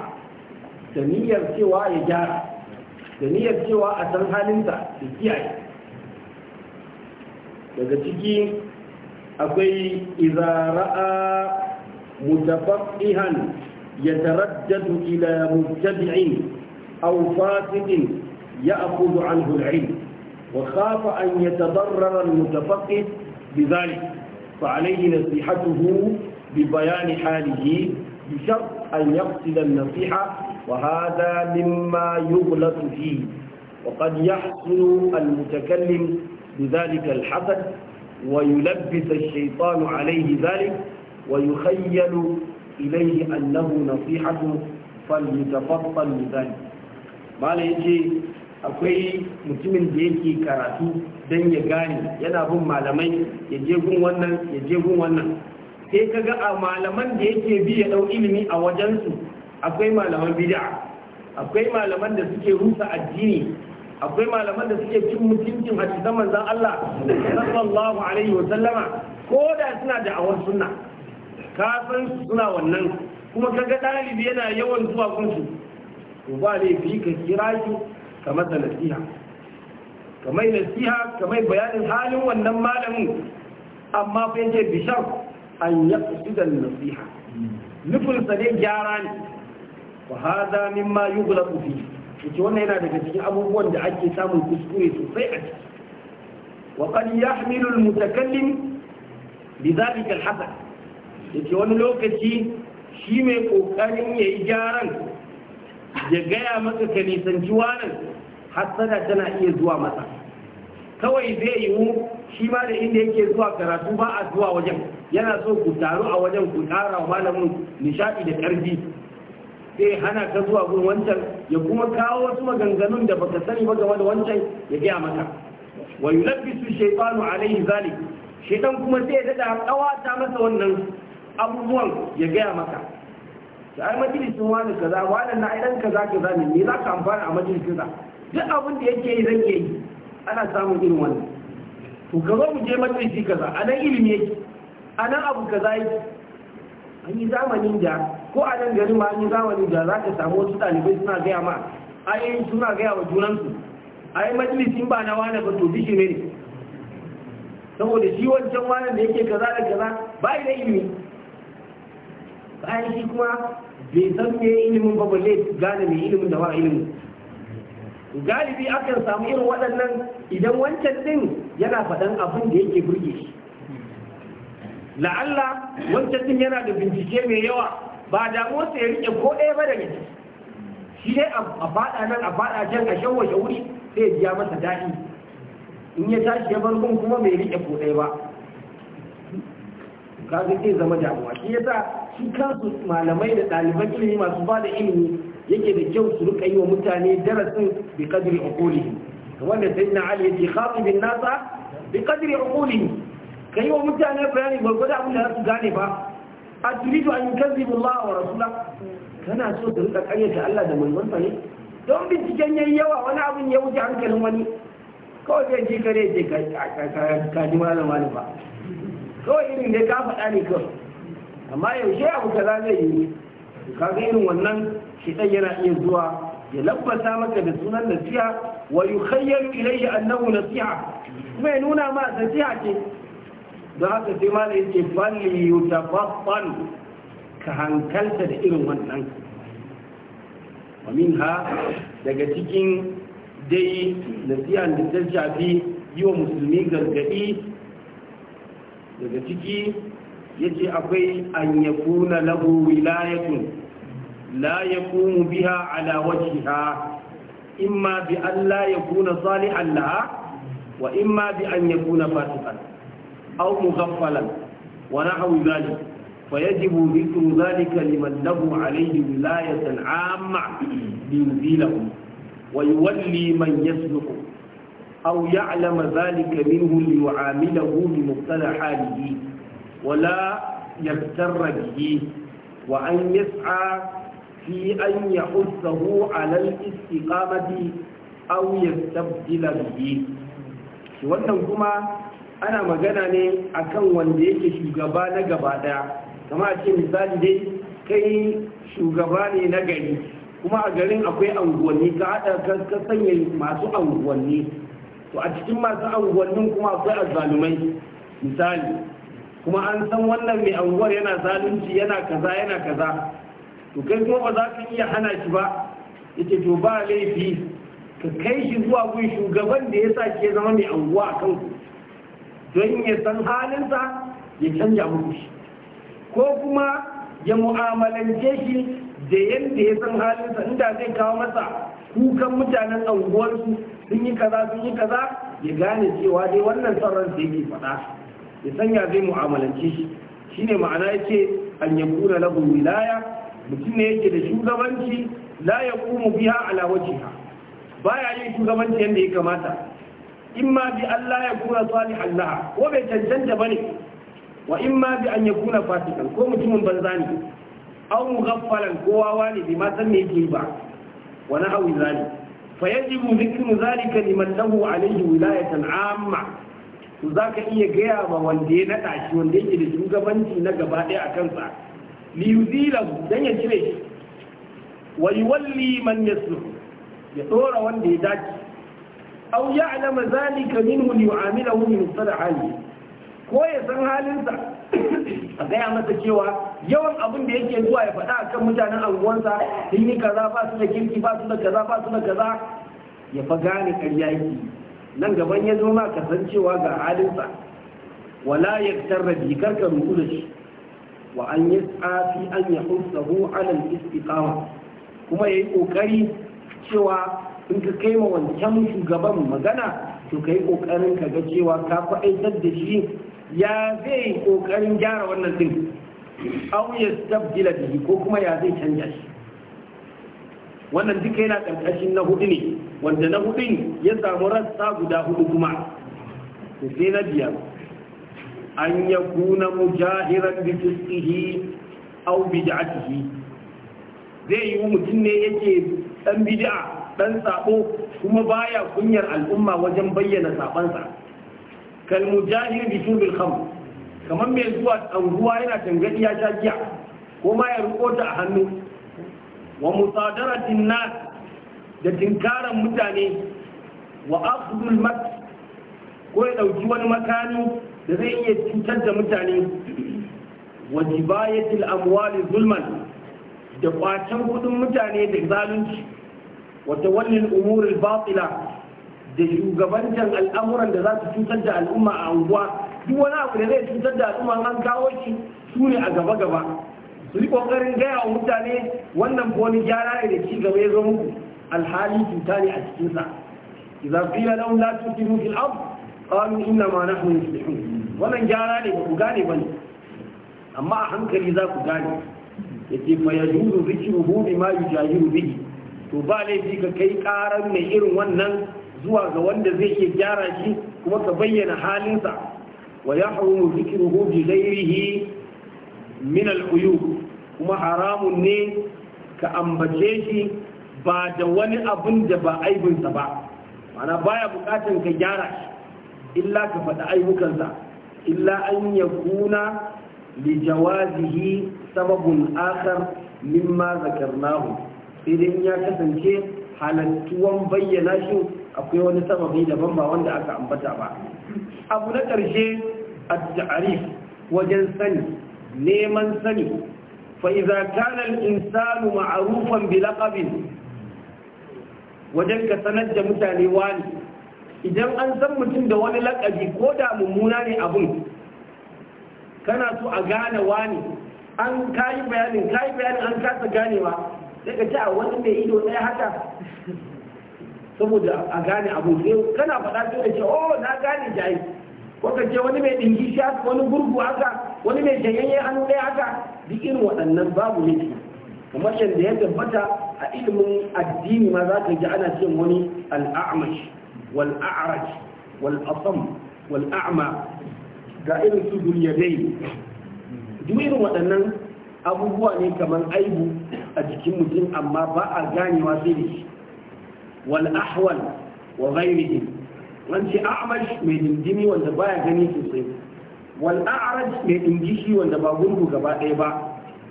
da niyyar cewa ya gyara da niyyar cewa a san halinta da kiyaye daga ciki akwai izara'a mutafaqihan yataraddadu ila mujtabi'in aw fasiqin ya'khudhu anhu al-'ilm wa khafa an yatadarrara al-mutafaqih bidhalik فعليه halihi bi shart an أن an-nasiha وهذا مما يغلط فيه وقد يحصل المتكلم بذلك الحسد ويلبس الشيطان عليه ذلك ويخيل إليه أنه نصيحة فليتفطن لذلك ما يجي akwai mutumin da yake karatu don ya gane yana bin malamai ya je gun wannan ya je gun wannan sai ka ga a malaman da yake bi ya ɗau ilimi a wajensu akwai malaman bid'a akwai malaman da suke rusa addini akwai malaman da suke cin mutuncin hadisan manzon Allah sallallahu alaihi wa sallama ko da suna da awar sunna ka san suna wannan kuma kaga dalibi yana yawan zuwa gunsu to ba laifi ka kira shi ka masa nasiha kamar nasiha kamar bayanin halin wannan malamin amma fa yake bishar an ya da nasiha nufinsa ne gyara ne wa hadha mimma yughlaqu fi yace wannan yana daga cikin abubuwan da ake samun kuskure sosai a ciki wa qad yahmilu al-mutakallim bidhalika al-hasan wani lokaci shi mai kokarin yayi gyaran ya gaya maka ka nisanci wannan tana iya zuwa masa kawai zai yiwu shi ma da inda yake zuwa karatu ba a zuwa wajen yana so ku taru a wajen ku ƙara wa malamin nishaɗi da ƙarfi sai hana ka zuwa gurin wancan ya kuma kawo wasu maganganun da baka sani ba game da wancan ya gaya maka wa yulabbisu shaytanu alayhi zalik shaytan kuma sai ya dada kawata masa wannan abubuwan ya gaya maka sai ai majalisin wani kaza wani na idan kaza kaza ne me za ka amfana a majalisin sa duk abin da yake yi zan yi ana samun irin wannan to ka zo mu je majalisi kaza a nan ilimi yake a nan abu kaza yake an yi zamanin da ko a nan gari ma an yi zamanin da za ka samu wasu ɗalibai suna gaya ma a yi suna gaya wa junansu yi majalisin ba na wane ba to bishi ne saboda shi wancan wane da yake kaza da kaza ba yi da ilimi bayan shi kuma bai san me ilimin ba balle gane mai ilimin da ba ilimin galibi akan samu irin waɗannan idan wancan ɗin yana faɗan abin da yake burge shi la'alla wancan din yana da bincike mai yawa ba motsa ya rike ko ɗaya ba da ciki shi dai a faɗa nan a faɗa can a shawwashe wuri zai biya masa daɗi in ya tashi ya bar kuma mai rike ko ɗaya ba kaga zai zama damuwa shi yasa shi kansu malamai da ɗaliban ilimi masu ba da ilimi yake da kyau su rika yi wa mutane darasin bi kadri uqulihim wanda sayyidina ali yace khatibin nasa bi kadri ka yi wa mutane bayani gwargwada abin da za su gane ba a turidu an yukazibu Allah wa rasula kana so da rika karyata Allah da manzon ne don binciken yayi yawa wani abin ya wuce hankalin wani kawai zai ji kare ce ka ji malam wani ba kawai irin da ka faɗa ne kawai amma yaushe abu kaza zai yi irin wannan shedan yana iya zuwa ya labbata maka da sunan nasiha wa yukhayyalu ilayhi annahu nasiha kuma ya nuna ma nasiha ce don haka sai ma da yake falli yutafaffal ka hankalta da irin wannan amin ha daga cikin dai nasiha da ta shafi yi wa musulmi gargadi. daga ciki ya ce akwai an yakuna lahu wilayatun la yakumu biha ala wajhiha imma bi an la kuna salihan laha wa imma bi an yakuna fasiqan أو مغفلا ونحو ذلك فيجب ذكر ذلك لمن له عليه ولاية عامة ليزيله ويولي من يسلقه أو يعلم ذلك منه ليعامله بمقتضى حاله ولا يغتر به وأن يسعى في أن يحثه على الاستقامة أو يستبدل به wannan كما ana magana ne akan wanda yake shugaba na gaba daya kama a ce misali dai kai shugaba ne na gari kuma a garin akwai anguwanni ka haɗa ka sanya masu anguwanni to a cikin masu anguwannin kuma akwai azalumai misali kuma an san wannan mai anguwar yana zalunci yana kaza yana kaza to kai kuma ba za ka iya hana shi ba ita to ba laifi ka kai shi zuwa gun shugaban da ya sa ke zama mai anguwa a kanku don ya san halinsa ya canja muku shi ko kuma ya mu'amalance shi da yadda ya san halinsa inda zai kawo masa kukan mutanen anguwarsu sun yi kaza sun yi kaza ya gane cewa dai wannan sauran da yake faɗa ya sanya zai mu'amalance shi shi ne ma'ana yake an ya kura wilaya mutum ne yake da shugabanci la ya kuma biya ala wajiha ya yin shugabanci yadda ya kamata imma bi Allah ya kuna salihan Allah ko bai cancanta ne wa imma bi an ya kuna fasikan ko mutumin banza ne aw mughaffalan ko wawa ne bai ma san ba wa nahawi zalik fa yajibu dhikru zalika mallahu lahu alayhi wilayatan amma to zaka iya gaya ma wanda ya nada shi wanda yake da shugabanci na gaba ɗaya a kansa li yuzilahu dan ya cire shi wa yuwalli man ya ɗora wanda ya dace au ya alama zalika minhu li yu'amilahu min sad'ani ko ya san halinsa a gaya masa cewa yawan abin da yake zuwa ya faɗa akan mutanen anguwansa sun yi kaza ba su da kirki ba su da kaza ba su da kaza ya fa gane ƙarya yake nan gaban ya zo kasancewa ga halinsa wala yaktarra bi karka ruku da shi wa an yi tsafi an yahussahu ala al-istiqama kuma yayi kokari cewa in ka kai ma wancan shugaban magana to ka yi ƙoƙarin ka ga cewa ka faɗaitar da shi ya zai ƙoƙarin gyara wannan din au ya stabdila ko kuma ya zai canja shi wannan duka yana ƙarƙashin na hudu ne wanda na hudu ya samu rassa guda hudu kuma sai na biyar an ya kuna mujahiran bi au bid'atihi zai yi mutum ne yake dan bid'a dan sabo kuma baya kunyar al'umma wajen bayyana sabansa kal mujahir bi shurbil khamr kamar mai zuwa anguwa yana tangadiya ya giya ko ma ya riko ta a hannu wa musadaratin nas da tinkaran mutane wa akhdul mat ko ya dauki wani makani da zai iya cutar da mutane wa jibayatil amwali zulman da kwacen kudin mutane da zalunci wata wannan umurin batila da shugabancin al'amuran da za su cutar da al'umma a unguwa duk wani abu da zai cutar da al'umma an kawo shi su ne a gaba gaba su yi kokarin gaya wa mutane wannan wani gyara ne da ci gaba ya zo muku alhali cuta ne a cikinsa idza qila lahum la tusidu fil ard qalu inna ma nahnu muslihun wannan gyara ne ba ku gane bane amma a hankali za ku gane yace fa yajuzu zikruhu bima yujahiru bihi to ba laifi ka kai karan mai irin wannan zuwa ga wanda zai iya gyara shi kuma ka bayyana halinsa wa ya haramu zikiruhu bi ghairihi min al kuma haramun ne ka ambace shi ba da wani abin da ba aibinsa ba mana baya bukatan ka gyara shi illa ka faɗi aibukansa illa an ya kuna li jawazihi sababun akhar mimma zakarnahu sai dai ya kasance halattuwan bayyana shi akwai wani sababi daban ba wanda aka ambata ba abu na ƙarshe a ta'arif wajen sani neman sani fa'iza kanar insanu ma'arufan bilakabin wajen ka sanar da mutane wani idan an san mutum da wani lakabi ko da mummuna ne abin kana so a gane wani an kayi bayanin kayi bayanin an kasa ganewa sai ka ci a wani mai ido ɗaya haka saboda a gane abu sai kana faɗa sai da ce oh na gane jayi ko ka ce wani mai ɗingi shi wani gurgu haka wani mai jayayye hannu ɗaya haka duk irin waɗannan babu ne kamar yadda ya tabbata a ilimin addini ma za ka ji ana cin wani al'amash wal wal'asam wal ga irin su dai duk irin waɗannan abubuwa ne kamar aibu a jikin mutum amma ba a ganewa sai da shi wal ahwal wa ghairihi wance a'mash mai dindimi wanda baya gani sosai wal mai dingishi wanda ba gungu gaba ɗaya ba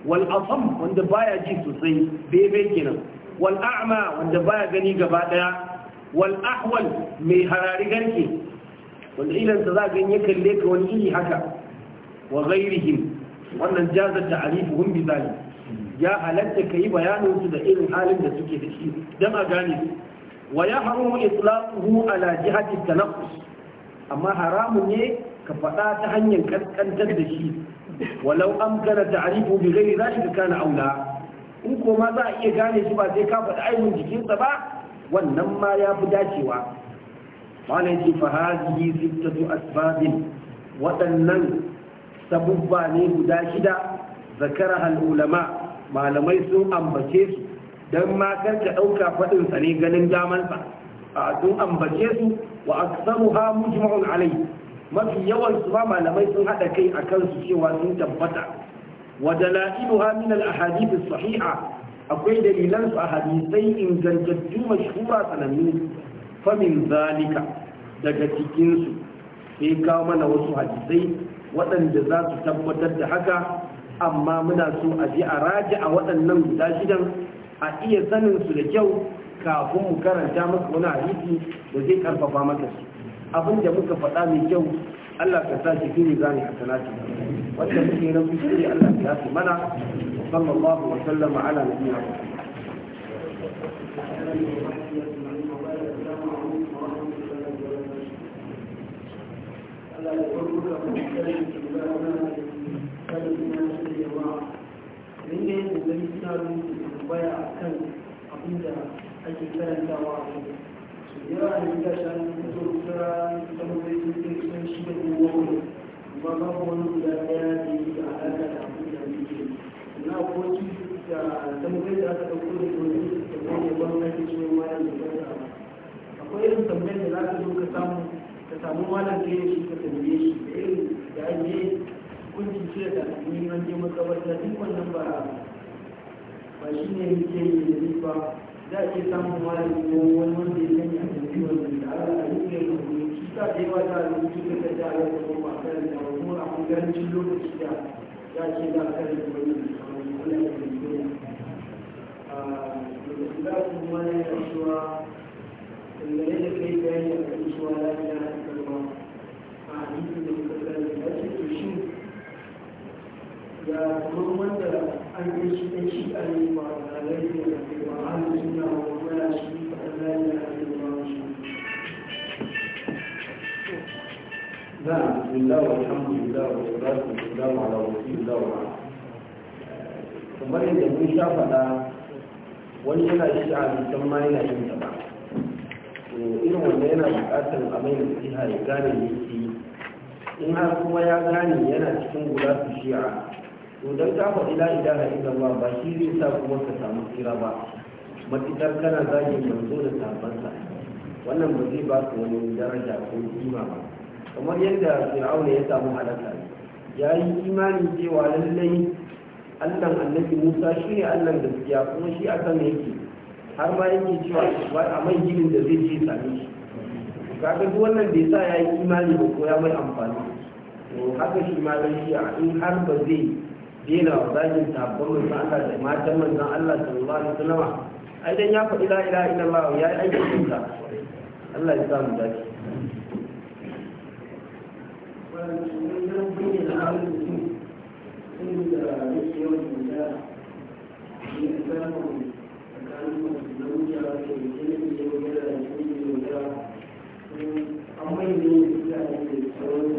Wal'afam asam wanda baya ji sosai bebe kenan wal a'ma wanda baya gani gaba ɗaya wal mai harari garke wanda ilansa za ga ya kalle ka wani iri haka wa ghairihim wannan jaza ta'arifuhum bi zalim ya halatta ka yi bayanin su da irin halin da suke da shi don a gane su wa ya haramu islamuhu ala jihati tanaffus amma haramun ne ka faɗa ta hanyar kaskantar da shi walau an kana ta'rifu bi ghairi zalika kana aula in ko ma za a iya gane shi ba sai ka faɗi ainihin jikinsa ba wannan ma ya fi dacewa malam ce fa hadhihi sittatu asbabin waɗannan sabubba ne guda shida zakara al'ulama. malamai sun ambace su don ma ka ɗauka faɗinsa ne ganin damansa a sun ambace su wa aksaru ha mujma'un alai mafi yawan su ma malamai sun haɗa kai a kansu cewa sun tabbata wa dalailu ha min al ahadith sahiha akwai dalilan su a hadisai ingantattu mashhura sanannu fa min zalika daga cikin su sai kawo mana wasu hadisai waɗanda za su tabbatar da haka amma muna so a ji a raji a waɗannan guda shidan a iya sanin su da kyau kafin mu karanta masu wani hadisi da zai karfafa maka su abin da muka faɗa mai kyau Allah ka sa shi ne ni a salati wanda muke kuskure Allah ya fi mana sallallahu wa sallama ala nabiyina Thank you. gani suna rubuta tambaya a kan abin da ake karantawa a kai su da yawa da gida shi ta fito kusa zama zai sun kai kusan shi da kuma wani amma babu wani guda da yi da alaƙa da abin da muke na koki da tambayar da aka ɗauko da wani da wani ban ake cewa malam da ban akwai irin tambayar da za ka zo ka samu ka samu malam da ya shi ka tambaye shi da irin da ake kuncin ce da ni an je makabarta duk wannan ba ba shi ne muke yi da ni ba za a iya samun malami ko wani wanda ya sanya da ni wanda da ala a yi ne ba ne shi sa da ba ta da mutu da ta ala da kuma ba ta da ba kuma a hangancin lokaci da za a ce za a kare da wani da wani wani da ke yi da kuma wani da shuwa da da kai bayani a kan lafiya da kuma a yi da mutu da ta ce da kuma wanda an yi su ɗan shi a yi ba da laifin da ke ba an suna wa wani shi ba a laifin da ke ba shi. Na, Allah wa alhamdulillah wa salatu wa salam ala rasulillah wa kamar yadda mun sha faɗa wani yana shi a bisan ma yana yin ta eh, Irin wanda yana buƙatar a mai nasiha ya gane yake in har kuma ya gane yana cikin gula su shi'a to don ka faɗi la ilaha illallah ba shi zai sa kuma ka samu tsira ba matuƙar kana zagin manzo da sabansa wannan ba zai ba ka wani daraja ko kima ba kamar yadda fir'auna ya samu halaka ya yi imani cewa lallai allan annabi musa shi ne allan gaskiya kuma shi a sama yake har ma yake cewa a mai ginin da zai je same shi kaga duk wannan bai sa ya yi imani ba ko ya mai amfani to haka shi ma shi in har ba zai dina wa zagin sabon mutum Allah da matan manzan Allah sallallahu da sunawa ai dan ya faɗi la ilaha illallah ya yi aikin sunka Allah ya samu dace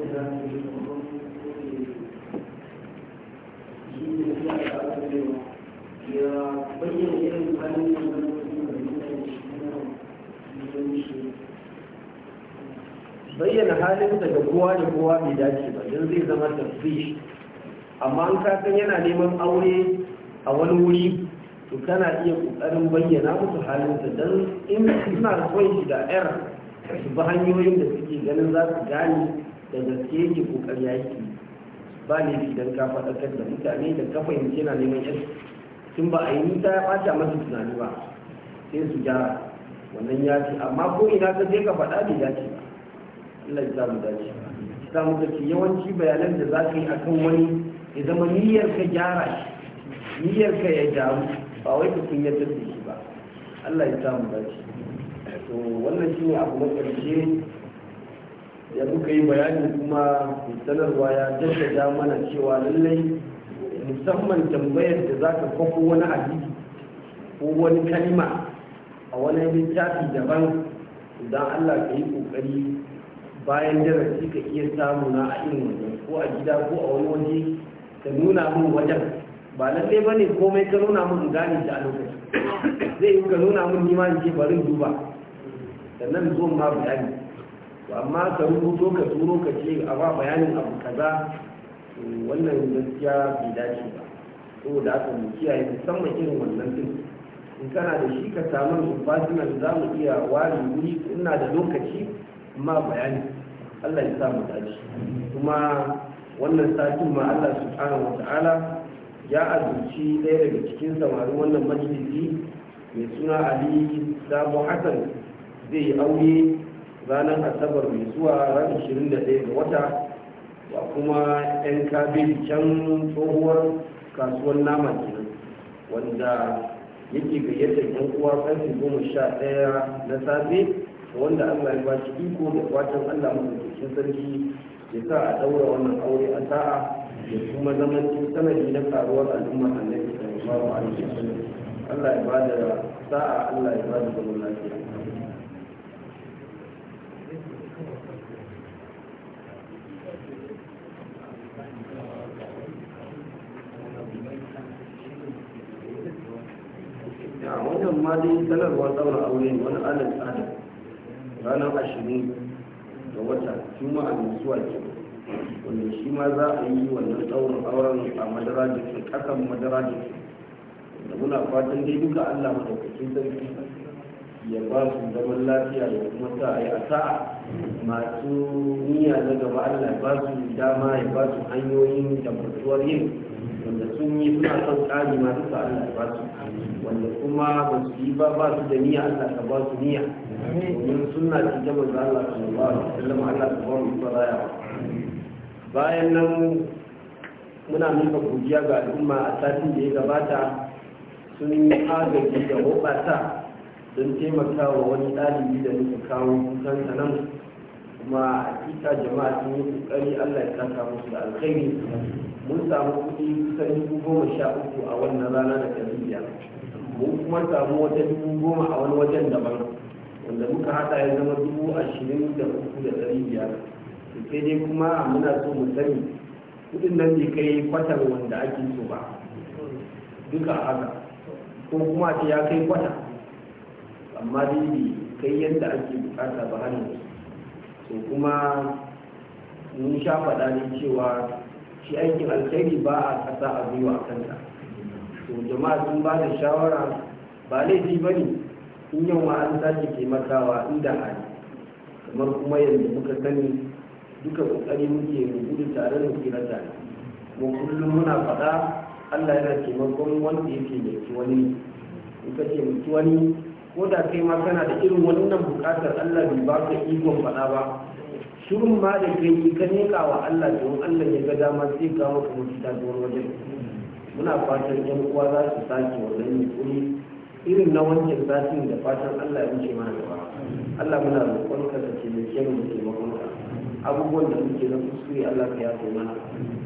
Thank bayyana halin daga kowa da kowa bai dace ba don zai zama tafi amma an kasan yana neman aure a wani wuri to kana iya kokarin bayyana musu halin halinsa don in suna son shi da yar su bi hanyoyin da suke ganin za su gane da gaske yake kokari yaki ba ne idan ka faɗakar da mutane da ka fahimci yana neman yaki tun ba a yi nisa ya ɓata masa tunani ba sai su gyara wannan ya ce amma ko ina ka je ka faɗa da ya ce ba Allah ya samu dace ta mu ce yawanci bayanan da za ka yi akan wani ya zama niyyar ka gyara shi niyyar ka ya gyaru ba wai ka kunyar da shi ba Allah ya samu dace to wannan shine abu na ƙarshe da muka yi bayani kuma sanarwa ya jaddada mana cewa lallai musamman tambayar da za ka kwafo wani hadisi ko wani kalima a wani littafi daban idan allah ka yi ƙoƙari bayan darasi ka iya samu na a irin wajen ko a gida ko a wani waje ka nuna min wajen ba lalle ba ne komai ka nuna min gane da a lokaci zai yi ka nuna min nima in ce barin duba sannan zo ma bayani amma ka rubuto ka turo ka ce a ba bayanin abu kaza wannan gaskiya bai dace ba saboda aka mu kiyaye musamman irin wannan din in kana da shi ka samu personal za mu iya ware wuri ina da lokaci ma bayani Allah ya sa mu dace kuma wannan satin ma Allah subhanahu wata'ala ya azurci ɗaya daga cikin samari wannan majalisi mai suna Ali Sabo Hassan zai yi aure ranar Asabar mai zuwa ranar 21 ga wata da kuma 'yan kabeji can tsohuwar kasuwar nama kenan wanda yake gayyatar 'yan uwa karfe goma sha ɗaya na safe wanda allah ya ba shi iko da fatan allah mafi sarki ya sa a ɗaura wannan aure a sa'a da kuma zaman sanadi na karuwar al'ummar annabi sallallahu alaihi wasallam Allah ya ba da sa'a Allah ya ba da zaman lafiya amma dai sanarwa daura aure ne wani alal tsada ranar ashirin da wata juma'a a zuwa ke wanda shi ma za a yi wannan daurin auren a madara da ke kasan madara da ke da muna fatan dai duka allah madaukakin sarki ya ba su zaman lafiya da kuma sa a yi a sa'a masu niyya na gaba allah ba su dama ya ba su hanyoyin da mutuwar yin wanda sun yi suna son tsari ma duka Allah ba su wanda kuma ba su yi ba ba su da niyya Allah ka ba su niyya domin suna ci ta manzo Allah ba su sallama Allah ka ba mu tsaraya bayan nan muna mika godiya ga al'umma a satin da ya gabata sun yi agaji da hoɓata don taimaka wa wani ɗalibi da nuka kawo kusan nan kuma hakika jama'a sun yi kokari Allah ya saka musu da alkhairi mun samu kuɗi kusan dubu goma sha uku a wannan rana da tarbiyya mun kuma samu wata dubu goma a wani wajen daban wanda muka hada ya zama dubu ashirin da uku da ɗari biyar sai dai kuma muna so mu sani kuɗin nan bai kai kwatar wanda ake so ba duka haka ko kuma ce ya kai kwata amma dai bai kai yadda ake bukata ba har yanzu to kuma mun sha faɗa ne cewa shi aikin alkhairi ba a ƙasa a gwiwa a kanta to jama'a sun ba da shawara ba laifi ba ne in yau ma an sake taimakawa inda hali kamar kuma yanzu muka sani duka ƙoƙari muke mu gudu tare da kira tare mu kullum muna faɗa Allah yana taimakon wanda yake mai wani in ka ce mutu wani ko da kai ma kana da irin wannan buƙatar Allah bai ba ka ikon faɗa ba shirin ma da kai ka neka wa Allah don Allah ya ga dama sai ka maka mafita ta wajen muna fatan yan uwa za su sake wannan yunkuri irin na wancan satin da fatan Allah ya wuce mana gaba Allah muna roƙon ka taimake mu da taimakonka abubuwan da muke na kuskure Allah ka yafe mana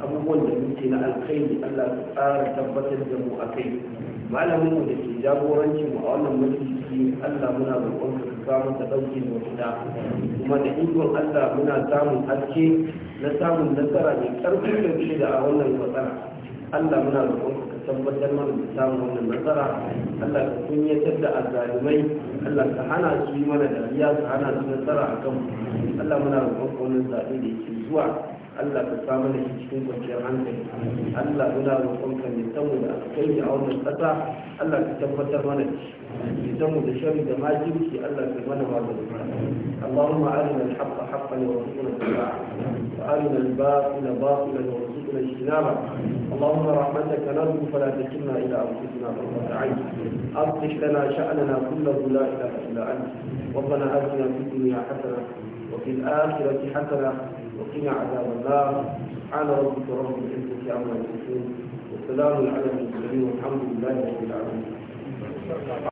abubuwan da muke na alkhairi Allah ka tsara tabbatar da mu akai malamin mu da ke jagorancin mu a wannan mulki Allah muna roƙon ka ka samu ta dauke da wata kuma da ikon Allah muna samun haske na samun nasara mai karfi da ke da a wannan fasara Allah muna roƙon ka ka tabbatar mana da samun wannan nasara Allah ka kunyatar da azalimai Allah ka hana su yi mana dariya ka hana su nasara akan mu Allah muna roƙon ka wannan zaɓe da yake zuwa Allah ka samu da cikin kwanciyar hankali Allah muna roƙonka ne saboda alkhairi a wannan ƙasa Allah ka tabbatar mana da shi ya mu da shari da majinki Allah ka mana magani Allahumma arina al-haqqa haqqan wa rzuqna ittiba'a wa arina al-batila batilan wa rzuqna ijtinaba Allahumma rahmataka narju fala takilna ila anfusina qurrata a'yun أصلح لنا شأننا كله لا إله إلا أنت ربنا آتنا في الدنيا حسنة وفي الآخرة حسنة وقنا عذاب النار سبحان ربك رب العزة عما يصفون وسلام على المرسلين والحمد لله رب العالمين